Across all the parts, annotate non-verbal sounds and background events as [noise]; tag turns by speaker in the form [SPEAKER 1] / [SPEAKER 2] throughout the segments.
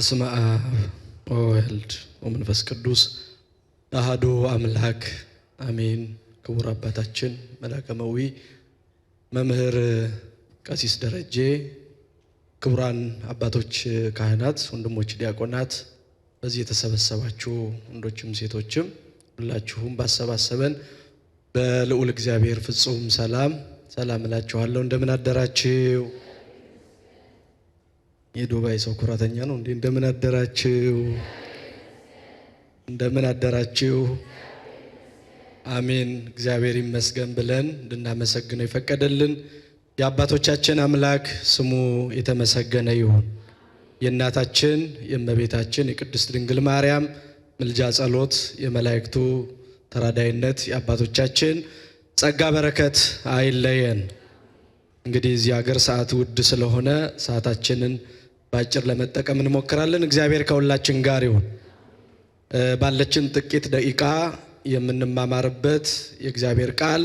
[SPEAKER 1] በስመ አብ ወወልድ ወመንፈስ ቅዱስ አሐዱ አምላክ አሜን። ክቡር አባታችን መላከመዊ መምህር ቀሲስ ደረጀ፣ ክቡራን አባቶች ካህናት፣ ወንድሞች ዲያቆናት፣ በዚህ የተሰበሰባችሁ ወንዶችም ሴቶችም ሁላችሁም ባሰባሰበን በልዑል እግዚአብሔር ፍጹም ሰላም ሰላም እላችኋለሁ። እንደምን አደራችሁ? የዱባይ ሰው ኩራተኛ ነው እንዴ? እንደምን አደራችሁ፣ እንደምን አደራችሁ። አሜን። እግዚአብሔር ይመስገን ብለን እንድናመሰግነው የፈቀደልን የአባቶቻችን አምላክ ስሙ የተመሰገነ ይሁን። የእናታችን የእመቤታችን የቅድስት ድንግል ማርያም ምልጃ ጸሎት፣ የመላእክቱ ተራዳይነት፣ የአባቶቻችን ጸጋ በረከት አይለየን። እንግዲህ እዚህ ሀገር ሰዓት ውድ ስለሆነ ሰዓታችንን በአጭር ለመጠቀም እንሞክራለን። እግዚአብሔር ከሁላችን ጋር ይሁን። ባለችን ጥቂት ደቂቃ የምንማማርበት የእግዚአብሔር ቃል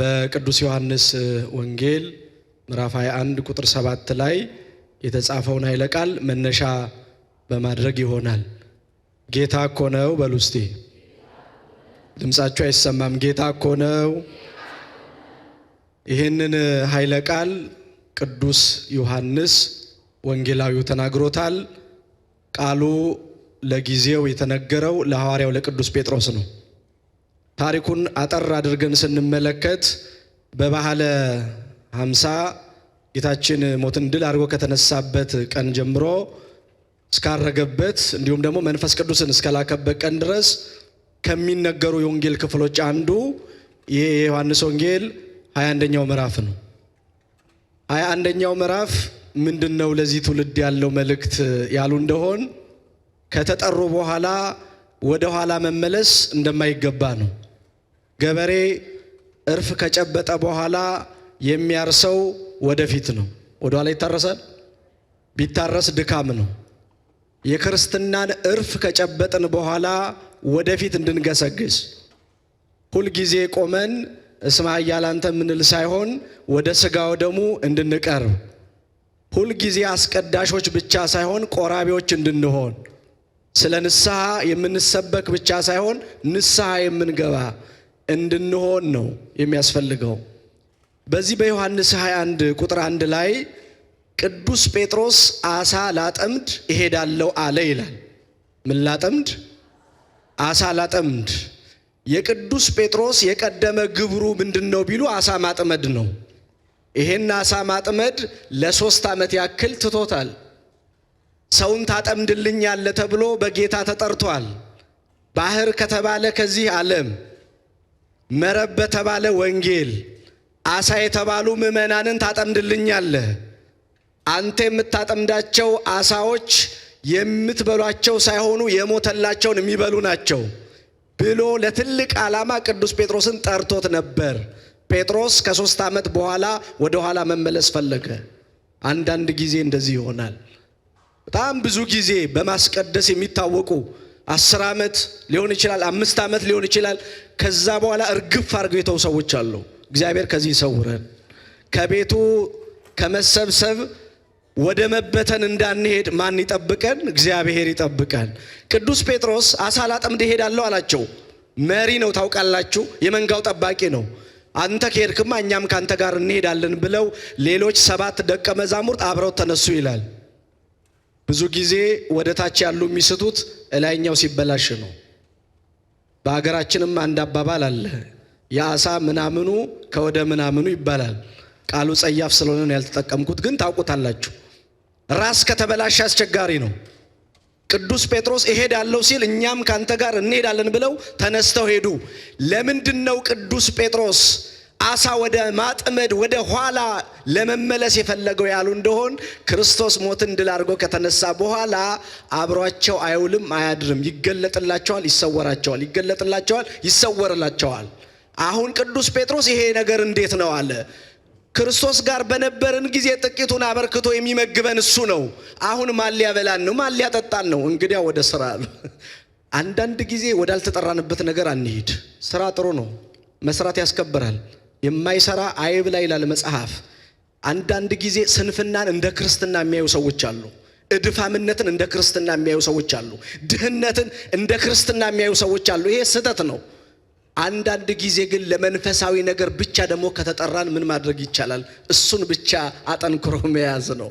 [SPEAKER 1] በቅዱስ ዮሐንስ ወንጌል ምዕራፍ 21 ቁጥር 7 ላይ የተጻፈውን ኃይለ ቃል መነሻ በማድረግ ይሆናል። ጌታ እኮ ነው በሉ እስቲ። ድምጻችሁ አይሰማም። ጌታ እኮ ነው። ይህንን ኃይለ ቃል ቅዱስ ዮሐንስ ወንጌላዊው ተናግሮታል። ቃሉ ለጊዜው የተነገረው ለሐዋርያው ለቅዱስ ጴጥሮስ ነው። ታሪኩን አጠር አድርገን ስንመለከት በባህለ ሀምሳ ጌታችን ሞትን ድል አድርጎ ከተነሳበት ቀን ጀምሮ እስካረገበት እንዲሁም ደግሞ መንፈስ ቅዱስን እስከላከበት ቀን ድረስ ከሚነገሩ የወንጌል ክፍሎች አንዱ ይህ የዮሐንስ ወንጌል ሀያ አንደኛው ምዕራፍ ነው። ሀያ አንደኛው ምዕራፍ ምንድን ነው ለዚህ ትውልድ ያለው መልእክት ያሉ እንደሆን ከተጠሩ በኋላ ወደ ኋላ መመለስ እንደማይገባ ነው። ገበሬ እርፍ ከጨበጠ በኋላ የሚያርሰው ወደፊት ነው። ወደ ኋላ ይታረሳል? ቢታረስ ድካም ነው። የክርስትናን እርፍ ከጨበጥን በኋላ ወደፊት እንድንገሰግስ ሁልጊዜ ቆመን እስማ እያላንተ የምንል ሳይሆን ወደ ስጋው ደሙ እንድንቀርብ ሁልጊዜ አስቀዳሾች ብቻ ሳይሆን ቆራቢዎች እንድንሆን ስለ ንስሐ የምንሰበክ ብቻ ሳይሆን ንስሐ የምንገባ እንድንሆን ነው የሚያስፈልገው። በዚህ በዮሐንስ 21 ቁጥር 1 ላይ ቅዱስ ጴጥሮስ አሳ ላጠምድ እሄዳለሁ አለ ይላል። ምን ላጠምድ? አሳ ላጠምድ። የቅዱስ ጴጥሮስ የቀደመ ግብሩ ምንድን ነው ቢሉ አሳ ማጥመድ ነው። ይሄን አሳ ማጥመድ ለሶስት ዓመት ያክል ትቶታል። ሰውን ታጠምድልኛለ ተብሎ በጌታ ተጠርቷል። ባህር ከተባለ ከዚህ ዓለም፣ መረብ በተባለ ወንጌል፣ አሳ የተባሉ ምዕመናንን ታጠምድልኛለ። አንተ የምታጠምዳቸው አሳዎች የምትበሏቸው ሳይሆኑ የሞተላቸውን የሚበሉ ናቸው ብሎ ለትልቅ ዓላማ ቅዱስ ጴጥሮስን ጠርቶት ነበር። ጴጥሮስ ከሶስት ዓመት በኋላ ወደ ኋላ መመለስ ፈለገ። አንዳንድ ጊዜ እንደዚህ ይሆናል። በጣም ብዙ ጊዜ በማስቀደስ የሚታወቁ አስር ዓመት ሊሆን ይችላል፣ አምስት ዓመት ሊሆን ይችላል። ከዛ በኋላ እርግፍ አድርገው የተው ሰዎች አሉ። እግዚአብሔር ከዚህ ይሰውረን። ከቤቱ ከመሰብሰብ ወደ መበተን እንዳንሄድ ማን ይጠብቀን? እግዚአብሔር ይጠብቀን። ቅዱስ ጴጥሮስ አሳ ላጠምድ እሄዳለሁ አላቸው። መሪ ነው ታውቃላችሁ፣ የመንጋው ጠባቂ ነው። አንተ ከሄድክማ እኛም ከአንተ ጋር እንሄዳለን ብለው ሌሎች ሰባት ደቀ መዛሙርት አብረው ተነሱ ይላል። ብዙ ጊዜ ወደ ታች ያሉ የሚስቱት እላይኛው ሲበላሽ ነው። በሀገራችንም አንድ አባባል አለ። የአሳ ምናምኑ ከወደ ምናምኑ ይባላል። ቃሉ ጸያፍ ስለሆነ ያልተጠቀምኩት፣ ግን ታውቁታላችሁ። ራስ ከተበላሽ አስቸጋሪ ነው። ቅዱስ ጴጥሮስ እሄዳለሁ ሲል እኛም ካንተ ጋር እንሄዳለን ብለው ተነስተው ሄዱ። ለምንድን ነው ቅዱስ ጴጥሮስ አሳ ወደ ማጥመድ ወደ ኋላ ለመመለስ የፈለገው ያሉ እንደሆን ክርስቶስ ሞትን ድል አድርጎ ከተነሳ በኋላ አብሯቸው አይውልም አያድርም። ይገለጥላቸዋል፣ ይሰወራቸዋል፣ ይገለጥላቸዋል፣ ይሰወርላቸዋል። አሁን ቅዱስ ጴጥሮስ ይሄ ነገር እንዴት ነው አለ። ክርስቶስ ጋር በነበርን ጊዜ ጥቂቱን አበርክቶ የሚመግበን እሱ ነው። አሁን ማን ሊያበላን ነው? ማን ሊያጠጣን ነው? እንግዲያ ወደ ስራ። አንዳንድ ጊዜ ወዳልተጠራንበት ነገር አንሄድ ስራ ጥሩ ነው፣ መስራት ያስከብራል። የማይሰራ አይብላ ይላል መጽሐፍ። አንዳንድ ጊዜ ስንፍናን እንደ ክርስትና የሚያዩ ሰዎች አሉ። እድፋምነትን እንደ ክርስትና የሚያዩ ሰዎች አሉ። ድህነትን እንደ ክርስትና የሚያዩ ሰዎች አሉ። ይሄ ስህተት ነው። አንዳንድ ጊዜ ግን ለመንፈሳዊ ነገር ብቻ ደግሞ ከተጠራን ምን ማድረግ ይቻላል? እሱን ብቻ አጠንክሮ መያዝ ነው።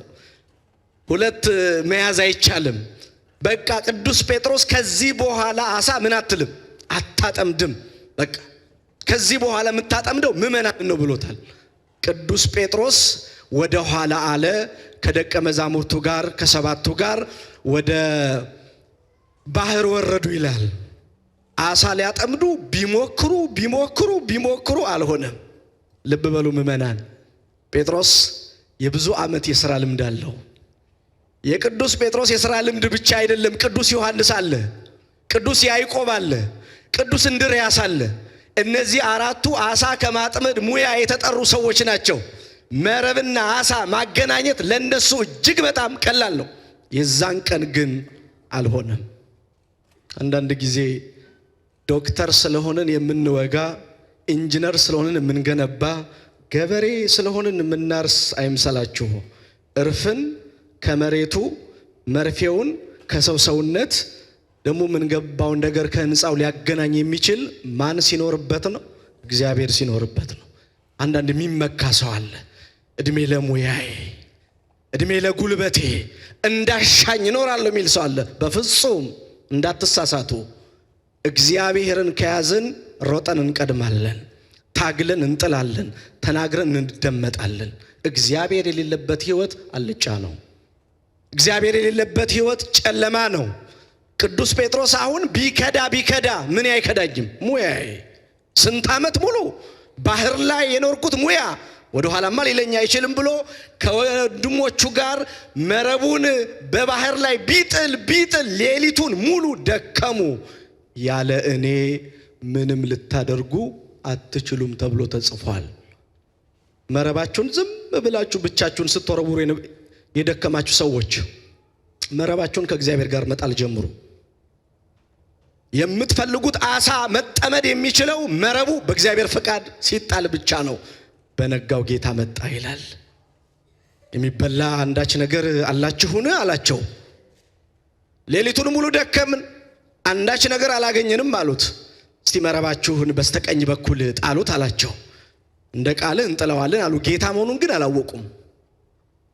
[SPEAKER 1] ሁለት መያዝ አይቻልም። በቃ ቅዱስ ጴጥሮስ ከዚህ በኋላ አሳ ምን አትልም አታጠምድም፣ በቃ ከዚህ በኋላ የምታጠምደው ምዕመናን ነው ብሎታል። ቅዱስ ጴጥሮስ ወደ ኋላ አለ ከደቀ መዛሙርቱ ጋር ከሰባቱ ጋር ወደ ባህር ወረዱ ይላል። አሳ ሊያጠምዱ ቢሞክሩ ቢሞክሩ ቢሞክሩ አልሆነም። ልብ በሉ ምእመናን፣ ጴጥሮስ የብዙ ዓመት የሥራ ልምድ አለው። የቅዱስ ጴጥሮስ የሥራ ልምድ ብቻ አይደለም። ቅዱስ ዮሐንስ አለ፣ ቅዱስ ያዕቆብ አለ፣ ቅዱስ እንድርያስ አለ። እነዚህ አራቱ አሳ ከማጥመድ ሙያ የተጠሩ ሰዎች ናቸው። መረብና አሳ ማገናኘት ለእነሱ እጅግ በጣም ቀላል ነው። የዛን ቀን ግን አልሆነም። አንዳንድ ጊዜ ዶክተር ስለሆንን የምንወጋ፣ ኢንጂነር ስለሆንን የምንገነባ፣ ገበሬ ስለሆንን የምናርስ አይምሰላችሁ። እርፍን ከመሬቱ መርፌውን ከሰው ሰውነት ደግሞ የምንገባውን ነገር ከህንፃው ሊያገናኝ የሚችል ማን ሲኖርበት ነው? እግዚአብሔር ሲኖርበት ነው። አንዳንድ የሚመካ ሰው አለ። እድሜ ለሙያዬ፣ እድሜ ለጉልበቴ እንዳሻኝ እኖራለሁ የሚል ሰው አለ። በፍጹም እንዳትሳሳቱ። እግዚአብሔርን ከያዝን ሮጠን እንቀድማለን፣ ታግለን እንጥላለን፣ ተናግረን እንደመጣለን። እግዚአብሔር የሌለበት ህይወት አልጫ ነው። እግዚአብሔር የሌለበት ህይወት ጨለማ ነው። ቅዱስ ጴጥሮስ አሁን ቢከዳ ቢከዳ ምን አይከዳኝም፣ ሙያዬ ስንት ዓመት ሙሉ ባህር ላይ የኖርኩት ሙያ ወደ ኋላማ ሌለኛ አይችልም ብሎ ከወንድሞቹ ጋር መረቡን በባህር ላይ ቢጥል ቢጥል ሌሊቱን ሙሉ ደከሙ። ያለ እኔ ምንም ልታደርጉ አትችሉም ተብሎ ተጽፏል። መረባችሁን ዝም ብላችሁ ብቻችሁን ስትወረውሩ የደከማችሁ ሰዎች መረባችሁን ከእግዚአብሔር ጋር መጣል ጀምሩ። የምትፈልጉት አሳ መጠመድ የሚችለው መረቡ በእግዚአብሔር ፈቃድ ሲጣል ብቻ ነው። በነጋው ጌታ መጣ ይላል። የሚበላ አንዳች ነገር አላችሁን? አላቸው። ሌሊቱን ሙሉ ደከምን። አንዳች ነገር አላገኘንም አሉት። እስቲ መረባችሁን በስተቀኝ በኩል ጣሉት አላቸው። እንደ ቃልህ እንጥለዋለን አሉ። ጌታ መሆኑን ግን አላወቁም።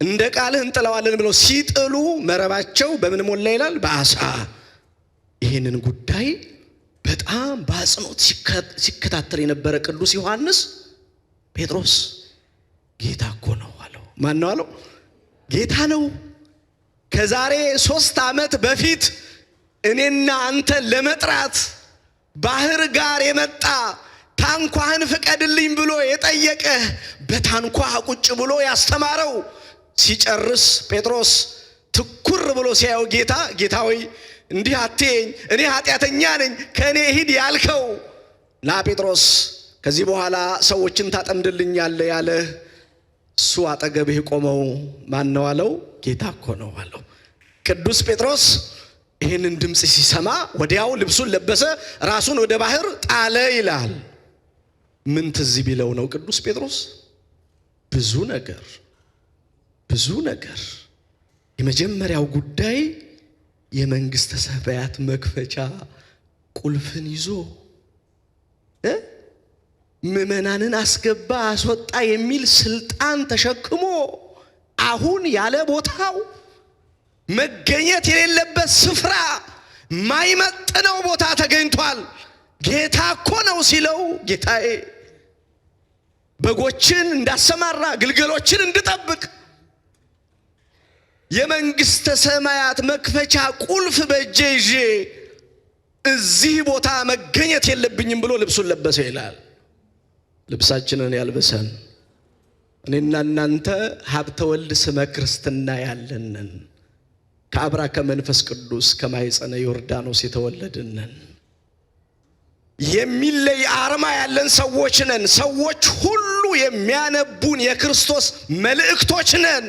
[SPEAKER 1] እንደ ቃልህ እንጥለዋለን ብለው ሲጥሉ መረባቸው በምን ሞላ ይላል? በአሳ። ይህንን ጉዳይ በጣም በአጽንኦት ሲከታተል የነበረ ቅዱስ ዮሐንስ ጴጥሮስ ጌታ እኮ ነው አለው። ማን ነው አለው? ጌታ ነው። ከዛሬ ሶስት ዓመት በፊት እኔና አንተ ለመጥራት ባህር ጋር የመጣ ታንኳህን ፍቀድልኝ ብሎ የጠየቀህ በታንኳ ቁጭ ብሎ ያስተማረው ሲጨርስ ጴጥሮስ ትኩር ብሎ ሲያየው ጌታ ጌታ ሆይ እንዲህ አትየኝ፣ እኔ ኃጢአተኛ ነኝ፣ ከእኔ ሂድ ያልከው ላ ጴጥሮስ ከዚህ በኋላ ሰዎችን ታጠምድልኛለ ያለ እሱ አጠገብህ ቆመው ማን ነው አለው? ጌታ እኮ ነው አለው። ቅዱስ ጴጥሮስ ይህንን ድምፅ ሲሰማ ወዲያው ልብሱን ለበሰ፣ ራሱን ወደ ባህር ጣለ ይላል። ምን ትዝ ቢለው ነው ቅዱስ ጴጥሮስ? ብዙ ነገር ብዙ ነገር። የመጀመሪያው ጉዳይ የመንግሥተ ሰማያት መክፈቻ ቁልፍን ይዞ ምዕመናንን አስገባ አስወጣ የሚል ስልጣን ተሸክሞ አሁን ያለ ቦታው መገኘት የሌለበት ስፍራ ማይመጥነው ቦታ ተገኝቷል። ጌታ እኮ ነው ሲለው ጌታዬ በጎችን እንዳሰማራ ግልገሎችን እንድጠብቅ የመንግሥተ ሰማያት መክፈቻ ቁልፍ በእጄ ይዤ እዚህ ቦታ መገኘት የለብኝም ብሎ ልብሱን ለበሰ ይላል። ልብሳችንን ያልበሰን እኔና እናንተ ሀብተ ወልድ ስመ ክርስትና ያለንን ከአብራ ከመንፈስ ቅዱስ ከማይጸነ ዮርዳኖስ የተወለድንን የሚለይ አርማ ያለን ሰዎች ነን። ሰዎች ሁሉ የሚያነቡን የክርስቶስ መልእክቶች ነን።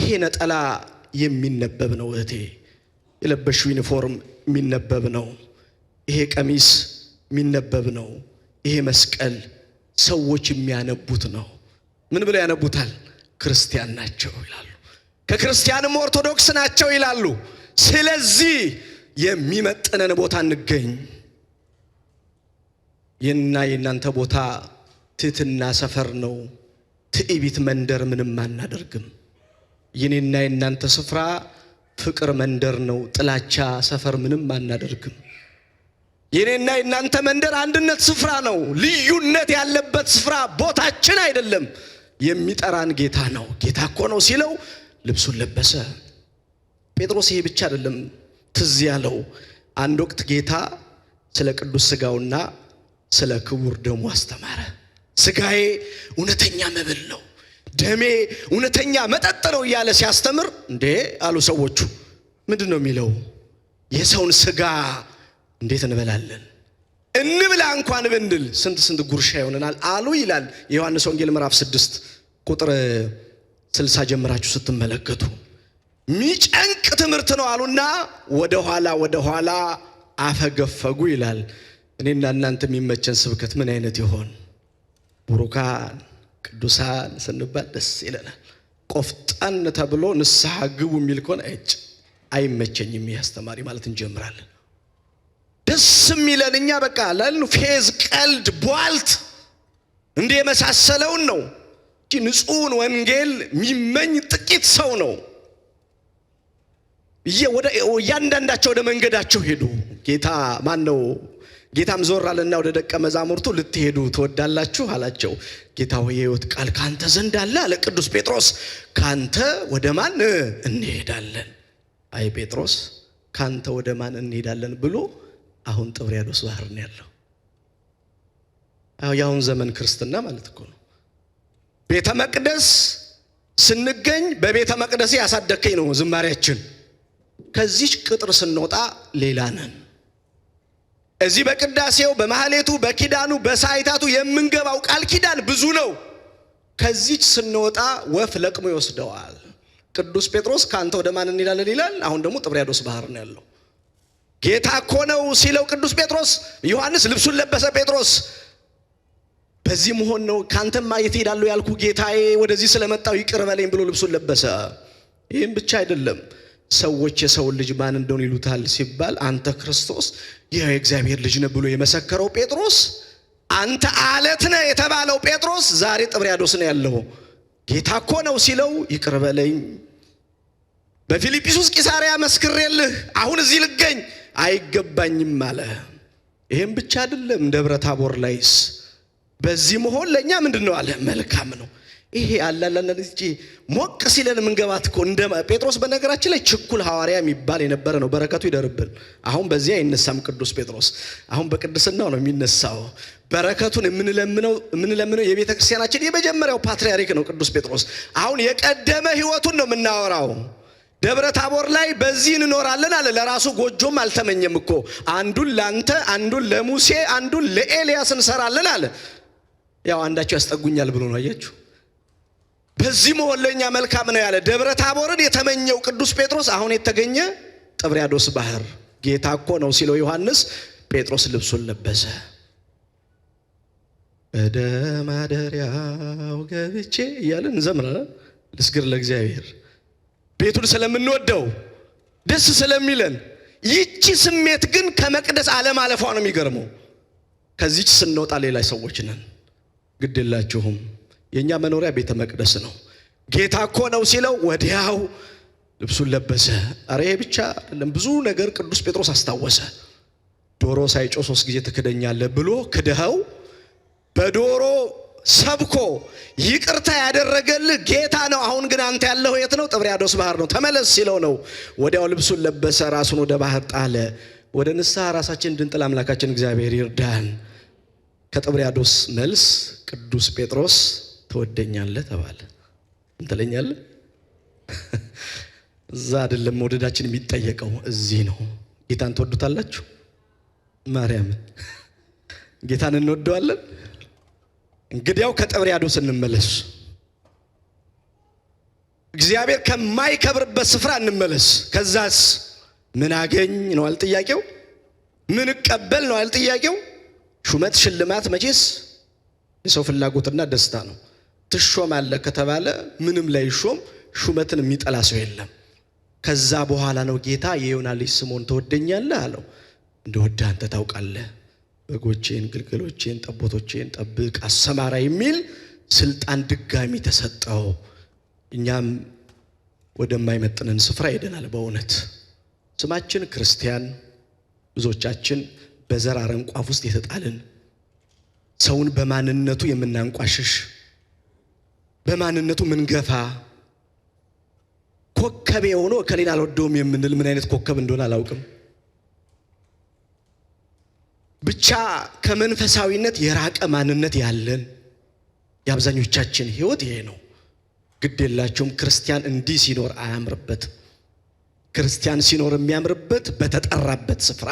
[SPEAKER 1] ይሄ ነጠላ የሚነበብ ነው። እህቴ የለበሹ ዩኒፎርም የሚነበብ ነው። ይሄ ቀሚስ የሚነበብ ነው። ይሄ መስቀል ሰዎች የሚያነቡት ነው። ምን ብለው ያነቡታል? ክርስቲያን ናቸው ይላሉ። ከክርስቲያንም ኦርቶዶክስ ናቸው ይላሉ። ስለዚህ የሚመጥነን ቦታ እንገኝ። ይህና የእናንተ ቦታ ትህትና ሰፈር ነው። ትዕቢት መንደር ምንም አናደርግም። የኔና የእናንተ ስፍራ ፍቅር መንደር ነው። ጥላቻ ሰፈር ምንም አናደርግም። የኔና የእናንተ መንደር አንድነት ስፍራ ነው። ልዩነት ያለበት ስፍራ ቦታችን አይደለም። የሚጠራን ጌታ ነው። ጌታ እኮ ነው ሲለው ልብሱን ለበሰ። ጴጥሮስ ይሄ ብቻ አይደለም ትዝ ያለው። አንድ ወቅት ጌታ ስለ ቅዱስ ስጋውና ስለ ክቡር ደሙ አስተማረ። ስጋዬ እውነተኛ መብል ነው፣ ደሜ እውነተኛ መጠጥ ነው እያለ ሲያስተምር እንዴ አሉ ሰዎቹ። ምንድን ነው የሚለው? የሰውን ስጋ እንዴት እንበላለን? እንብላ እንኳን ብንል ስንት ስንት ጉርሻ ይሆነናል አሉ ይላል የዮሐንስ ወንጌል ምዕራፍ ስድስት ቁጥር ስልሳ ጀምራችሁ ስትመለከቱ ሚጨንቅ ትምህርት ነው አሉና ወደኋላ ወደኋላ አፈገፈጉ ይላል። እኔና እናንተ የሚመቸን ስብከት ምን አይነት ይሆን? ቡሩካን ቅዱሳን ስንባል ደስ ይለናል። ቆፍጠን ተብሎ ንስሐ ግቡ የሚል ከሆነ እጭ አይመቸኝም አስተማሪ ማለት እንጀምራለን። ደስ የሚለን እኛ በቃ ለን ፌዝ፣ ቀልድ፣ ቧልት እንደ የመሳሰለውን ነው። ንጹሕን ወንጌል የሚመኝ ጥቂት ሰው ነው። እያንዳንዳቸው ወደ መንገዳቸው ሄዱ። ጌታ ማን ነው? ጌታም ዞር አለና ወደ ደቀ መዛሙርቱ ልትሄዱ ትወዳላችሁ አላቸው። ጌታ ሆይ የሕይወት ቃል ከአንተ ዘንድ አለ አለ ቅዱስ ጴጥሮስ። ካንተ ወደ ማን እንሄዳለን? አይ ጴጥሮስ ካንተ ወደ ማን እንሄዳለን ብሎ አሁን ጥብርያዶስ ባህር ነው ያለው። የአሁን ዘመን ክርስትና ማለት እኮ ነው። ቤተ መቅደስ ስንገኝ በቤተ መቅደስ ያሳደከኝ ነው ዝማሬያችን። ከዚች ቅጥር ስንወጣ ሌላ ነን። እዚህ በቅዳሴው በማህሌቱ በኪዳኑ በሳይታቱ የምንገባው ቃል ኪዳን ብዙ ነው። ከዚች ስንወጣ ወፍ ለቅሞ ይወስደዋል። ቅዱስ ጴጥሮስ ከአንተ ወደ ማን እንሄዳለን ይላል። አሁን ደግሞ ጥብርያዶስ ባህር ነው ያለው። ጌታ እኮ ነው ሲለው ቅዱስ ጴጥሮስ ዮሐንስ ልብሱን ለበሰ ጴጥሮስ በዚህ መሆን ነው። ካንተማ የት እሄዳለሁ ያልኩ ጌታዬ ወደዚህ ስለመጣው ይቅር በለኝ ብሎ ልብሱን ለበሰ። ይህም ብቻ አይደለም፣ ሰዎች የሰውን ልጅ ማን እንደሆነ ይሉታል ሲባል አንተ ክርስቶስ ይህ የእግዚአብሔር ልጅ ነህ ብሎ የመሰከረው ጴጥሮስ፣ አንተ አለት ነህ የተባለው ጴጥሮስ ዛሬ ጥብርያዶስ ነው ያለው። ጌታ እኮ ነው ሲለው ይቅር በለኝ በፊልጵስዩስ ቂሳርያ መስክሬልህ አሁን እዚህ ልገኝ አይገባኝም አለ። ይህም ብቻ አይደለም፣ ደብረ ታቦር ላይስ በዚህ መሆን ለእኛ ምንድን ነው አለ መልካም ነው። ይሄ አላላለን ሞቅ ሲለን ምንገባት እኮ እንደ ጴጥሮስ። በነገራችን ላይ ችኩል ሐዋርያ የሚባል የነበረ ነው። በረከቱ ይደርብን። አሁን በዚህ አይነሳም ቅዱስ ጴጥሮስ፣ አሁን በቅድስናው ነው የሚነሳው። በረከቱን የምንለምነው የቤተ ክርስቲያናችን የመጀመሪያው ፓትሪያሪክ ነው ቅዱስ ጴጥሮስ። አሁን የቀደመ ህይወቱን ነው የምናወራው። ደብረ ታቦር ላይ በዚህ እንኖራለን አለ። ለራሱ ጎጆም አልተመኘም እኮ አንዱን ለአንተ፣ አንዱን ለሙሴ፣ አንዱን ለኤልያስ እንሰራለን አለ። ያው አንዳቸው ያስጠጉኛል ብሎ ነው። አያችሁ፣ በዚህ መሆን ለእኛ መልካም ነው ያለ ደብረ ታቦርን የተመኘው ቅዱስ ጴጥሮስ አሁን የተገኘ ጥብርያዶስ ባህር ጌታ እኮ ነው ሲለው ዮሐንስ ጴጥሮስ ልብሱን ለበሰ። በደማደሪያው ገብቼ እያለን ዘምረ ልስግር ለእግዚአብሔር ቤቱን ስለምንወደው ደስ ስለሚለን ይቺ ስሜት ግን ከመቅደስ ዓለም አለፏ ነው የሚገርመው። ከዚች ስንወጣ ሌላ ሰዎች ነን። ግድ የላችሁም የእኛ መኖሪያ ቤተ መቅደስ ነው፣ ጌታ እኮ ነው ሲለው ወዲያው ልብሱን ለበሰ። አረ ይሄ ብቻ አይደለም፣ ብዙ ነገር ቅዱስ ጴጥሮስ አስታወሰ። ዶሮ ሳይጮ ሶስት ጊዜ ትክደኛለህ ብሎ ክድኸው በዶሮ ሰብኮ ይቅርታ ያደረገልህ ጌታ ነው። አሁን ግን አንተ ያለው የት ነው? ጥብርያዶስ ባህር ነው፣ ተመለስ ሲለው ነው። ወዲያው ልብሱን ለበሰ፣ ራሱን ወደ ባህር ጣለ። ወደ ንስሐ ራሳችን እንድንጥል አምላካችን እግዚአብሔር ይርዳን። ከጥብርያዶስ መልስ ቅዱስ ጴጥሮስ ትወደኛለህ ተባለ። ትለኛለህ [laughs] እዛ አይደለም መውደዳችን የሚጠየቀው እዚህ ነው። ጌታን ትወዱታላችሁ? ማርያምን ጌታን እንወደዋለን። እንግዲያው ከጥብርያዶስ እንመለስ። እግዚአብሔር ከማይከብርበት ስፍራ እንመለስ። ከዛስ ምን አገኝ ነው አል ጥያቄው? ምን እቀበል ነው አል ጥያቄው? ሹመት ሽልማት መቼስ የሰው ፍላጎትና ደስታ ነው። ትሾማለህ ከተባለ ምንም ላይ ሾም ሹመትን የሚጠላ ሰው የለም። ከዛ በኋላ ነው ጌታ የዮና ልጅ ስምዖን ትወደኛለህ አለው። እንደወደ አንተ ታውቃለህ፣ በጎቼን፣ ግልገሎቼን፣ ጠቦቶቼን ጠብቅ፣ አሰማራ የሚል ስልጣን ድጋሚ ተሰጠው። እኛም ወደማይመጥንን ስፍራ ሄደናል። በእውነት ስማችን ክርስቲያን ብዙዎቻችን በዘር አረንቋፍ ውስጥ የተጣልን ሰውን በማንነቱ የምናንቋሽሽ በማንነቱ ምንገፋ ኮከብ የሆነ ከሌላ አልወደውም የምንል ምን አይነት ኮከብ እንደሆነ አላውቅም። ብቻ ከመንፈሳዊነት የራቀ ማንነት ያለን የአብዛኞቻችን ህይወት ይሄ ነው። ግድ የላቸውም። ክርስቲያን እንዲህ ሲኖር አያምርበት። ክርስቲያን ሲኖር የሚያምርበት በተጠራበት ስፍራ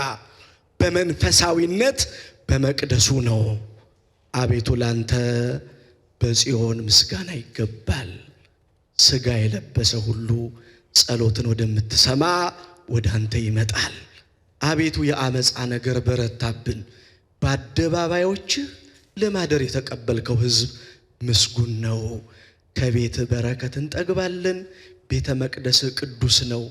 [SPEAKER 1] በመንፈሳዊነት በመቅደሱ ነው። አቤቱ ላንተ በጽዮን ምስጋና ይገባል። ሥጋ የለበሰ ሁሉ ጸሎትን ወደምትሰማ ወደ አንተ ይመጣል። አቤቱ የአመፃ ነገር በረታብን። በአደባባዮች ለማደር የተቀበልከው ሕዝብ ምስጉን ነው። ከቤት በረከት እንጠግባለን። ቤተ መቅደስ ቅዱስ ነው።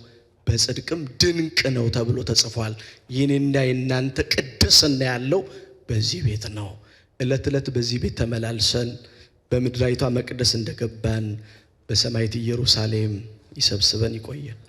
[SPEAKER 1] በጽድቅም ድንቅ ነው ተብሎ ተጽፏል። ይህንና የእናንተ ቅድስና ያለው በዚህ ቤት ነው። ዕለት ዕለት በዚህ ቤት ተመላልሰን በምድራዊቷ መቅደስ እንደገባን በሰማይት ኢየሩሳሌም ይሰብስበን ይቆየን።